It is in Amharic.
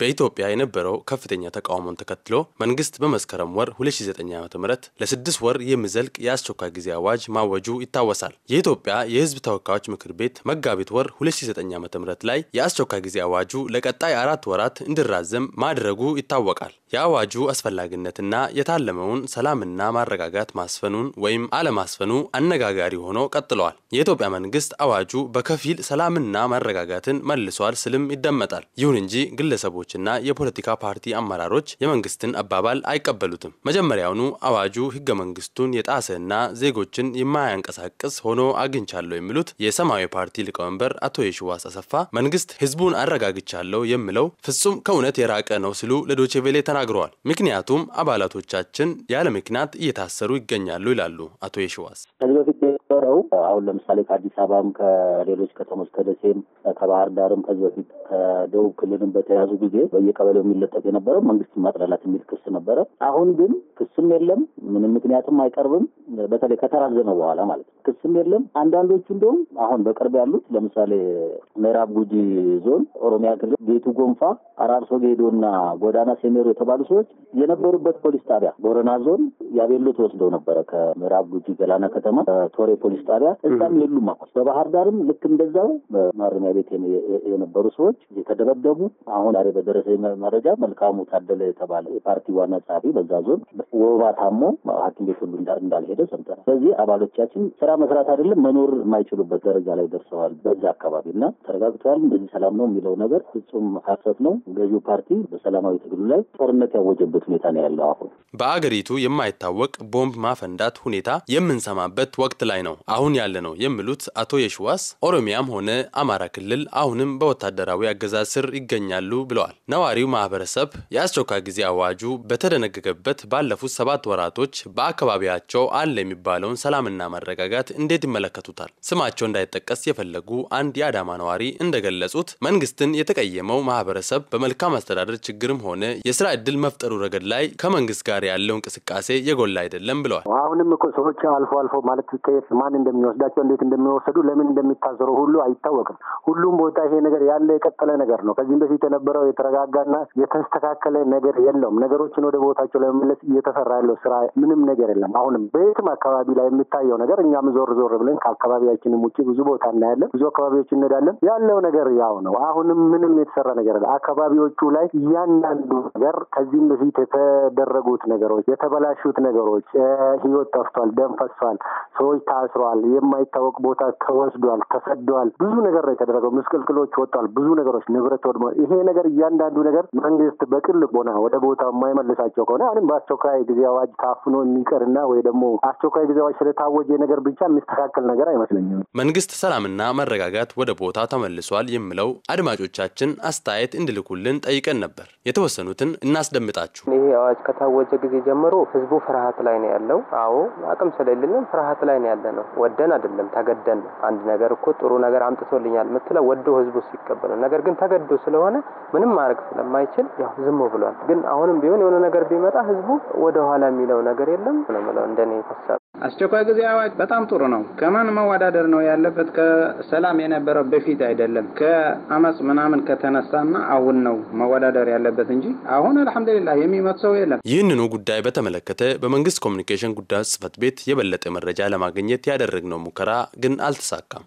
በኢትዮጵያ የነበረው ከፍተኛ ተቃውሞን ተከትሎ መንግስት በመስከረም ወር 2009 ዓ.ም ለስድስት ወር የሚዘልቅ የአስቸኳይ ጊዜ አዋጅ ማወጁ ይታወሳል። የኢትዮጵያ የሕዝብ ተወካዮች ምክር ቤት መጋቢት ወር 2009 ዓ.ም ላይ የአስቸኳይ ጊዜ አዋጁ ለቀጣይ አራት ወራት እንዲራዘም ማድረጉ ይታወቃል። የአዋጁ አስፈላጊነትና የታለመውን ሰላምና ማረጋጋት ማስፈኑን ወይም አለማስፈኑ አነጋጋሪ ሆኖ ቀጥለዋል። የኢትዮጵያ መንግስት አዋጁ በከፊል ሰላምና ማረጋጋትን መልሷል ስልም ይደመጣል። ይሁን እንጂ ግለሰቦችና የፖለቲካ ፓርቲ አመራሮች የመንግስትን አባባል አይቀበሉትም። መጀመሪያውኑ አዋጁ ህገ መንግስቱን የጣሰና ዜጎችን የማያንቀሳቅስ ሆኖ አግኝቻለሁ የሚሉት የሰማያዊ ፓርቲ ሊቀመንበር አቶ የሽዋስ አሰፋ መንግስት ህዝቡን አረጋግቻለሁ የሚለው ፍጹም ከእውነት የራቀ ነው ሲሉ ለዶቼ ቬሌ ተናግረዋል። ምክንያቱም አባላቶቻችን ያለ ምክንያት እየታሰሩ ይገኛሉ ይላሉ አቶ የሸዋስ። ከዚህ በፊት የነበረው አሁን ለምሳሌ ከአዲስ አበባም ከሌሎች ከተሞች ከደሴም ከባህር ዳርም ከዚህ በፊት ከደቡብ ክልልም በተያዙ ጊዜ በየቀበሌው የሚለጠፍ የነበረው መንግስትን ማጥላላት የሚል ክስ ነበረ። አሁን ግን ክስም የለም ምንም ምክንያቱም አይቀርብም። በተለይ ከተራዘመ በኋላ ማለት ነው። ክስም የለም። አንዳንዶቹ እንደውም አሁን በቅርብ ያሉት ለምሳሌ ምዕራብ ጉጂ ዞን ኦሮሚያ ክልል ጌቱ ጎንፋ፣ አራርሶ ጌዶ ጌዶና ጎዳና ሴሜሮ የተባሉ ሰዎች የነበሩበት ፖሊስ ጣቢያ ቦረና ዞን ያቤሎ ተወስደው ነበረ። ከምዕራብ ጉጂ ገላና ከተማ ቶሬ ፖሊስ ጣቢያ እዛም የሉም። አሁን በባህር ዳርም ልክ እንደዛው በማረሚያ ቤት የነበሩ ሰዎች የተደበደቡ አሁን ዛሬ በደረሰ መረጃ መልካሙ ታደለ የተባለ የፓርቲ ዋና ጸሐፊ በዛ ዞን ወባ ታሞ ሐኪም ቤት ሁሉ እንዳልሄደ ሰምተናል። ስለዚህ አባሎቻችን ስራ መስራት አይደለም መኖር የማይችሉበት ደረጃ ላይ ደርሰዋል። በዛ አካባቢ እና ተረጋግተዋል። በዚህ ሰላም ነው የሚለው ነገር ፍጹም ሀሰት ነው። ገዢው ፓርቲ በሰላማዊ ትግሉ ላይ ጦርነት ያወጀበት ሁኔታ ነው ያለው። አሁን በአገሪቱ የማይታወቅ ቦምብ ማፈንዳት ሁኔታ የምንሰማበት ወቅት ላይ ነው አሁን ያለ ነው የሚሉት አቶ የሽዋስ ኦሮሚያም ሆነ አማራ ክልል አሁንም በወታደራዊ አገዛዝ ስር ይገኛሉ ብለዋል። ነዋሪው ማህበረሰብ የአስቸኳይ ጊዜ አዋጁ በተደነገገበት ባለፉት ሰባት ወራቶች በአካባቢያቸው በሀገራቸው አለ የሚባለውን ሰላምና መረጋጋት እንዴት ይመለከቱታል? ስማቸው እንዳይጠቀስ የፈለጉ አንድ የአዳማ ነዋሪ እንደገለጹት መንግስትን የተቀየመው ማህበረሰብ በመልካም አስተዳደር ችግርም ሆነ የስራ እድል መፍጠሩ ረገድ ላይ ከመንግስት ጋር ያለው እንቅስቃሴ የጎላ አይደለም ብለዋል። አሁንም እኮ ሰዎች አልፎ አልፎ ማለት ከየት ማን እንደሚወስዳቸው እንዴት እንደሚወሰዱ ለምን እንደሚታሰሩ ሁሉ አይታወቅም። ሁሉም ቦታ ይሄ ነገር ያለ የቀጠለ ነገር ነው። ከዚህም በፊት የነበረው የተረጋጋና የተስተካከለ ነገር የለውም። ነገሮችን ወደ ቦታቸው ለመመለስ እየተሰራ ያለው ስራ ምንም ነገር የለም። አሁን አይሆንም። በየትም አካባቢ ላይ የሚታየው ነገር እኛም ዞር ዞር ብለን ከአካባቢያችንም ውጭ ብዙ ቦታ እናያለን፣ ብዙ አካባቢዎች እንሄዳለን። ያለው ነገር ያው ነው። አሁንም ምንም የተሰራ ነገር አለ አካባቢዎቹ ላይ እያንዳንዱ ነገር ከዚህም በፊት የተደረጉት ነገሮች፣ የተበላሹት ነገሮች፣ ህይወት ጠፍቷል፣ ደም ፈሷል፣ ሰዎች ታስሯል፣ የማይታወቅ ቦታ ተወስዷል፣ ተሰዷል፣ ብዙ ነገር ነው የተደረገው። ምስቅልቅሎች ወጥቷል፣ ብዙ ነገሮች ንብረት ወድሞ ይሄ ነገር እያንዳንዱ ነገር መንግስት በቅል ቦና ወደ ቦታው የማይመልሳቸው ከሆነ አሁንም በአስቸኳይ ጊዜ አዋጅ ታፍኖ የሚቀርና ወይ ደግሞ አስቸኳይ ጊዜ አዋጅ ስለታወጀ ነገር ብቻ የሚስተካከል ነገር አይመስለኝም። መንግስት ሰላምና መረጋጋት ወደ ቦታ ተመልሷል የምለው አድማጮቻችን አስተያየት እንድልኩልን ጠይቀን ነበር። የተወሰኑትን እናስደምጣችሁ። ይሄ አዋጅ ከታወጀ ጊዜ ጀምሮ ህዝቡ ፍርሃት ላይ ነው ያለው። አዎ አቅም ስለሌለን ፍርሃት ላይ ነው ያለ ነው። ወደን አይደለም ተገደን። አንድ ነገር እኮ ጥሩ ነገር አምጥቶልኛል ምትለው ወዶ ህዝቡ ሲቀበል ነው። ነገር ግን ተገዶ ስለሆነ ምንም ማድረግ ስለማይችል ያው ዝም ብሏል። ግን አሁንም ቢሆን የሆነ ነገር ቢመጣ ህዝቡ ወደኋላ የሚለው ነገር የለም ነው እንደኔ ሀሳብ። አስቸኳይ ጊዜ አዋጅ በጣም ጥሩ ነው። ከማን መወዳደር ነው ያለበት? ከሰላም የነበረው በፊት አይደለም። ከአመፅ ምናምን ከተነሳና አሁን ነው መወዳደር ያለበት እንጂ አሁን አልሐምዱሊላ የሚመት ሰው የለም። ይህንኑ ጉዳይ በተመለከተ በመንግስት ኮሚኒኬሽን ጉዳዮች ጽህፈት ቤት የበለጠ መረጃ ለማግኘት ያደረግነው ሙከራ ግን አልተሳካም።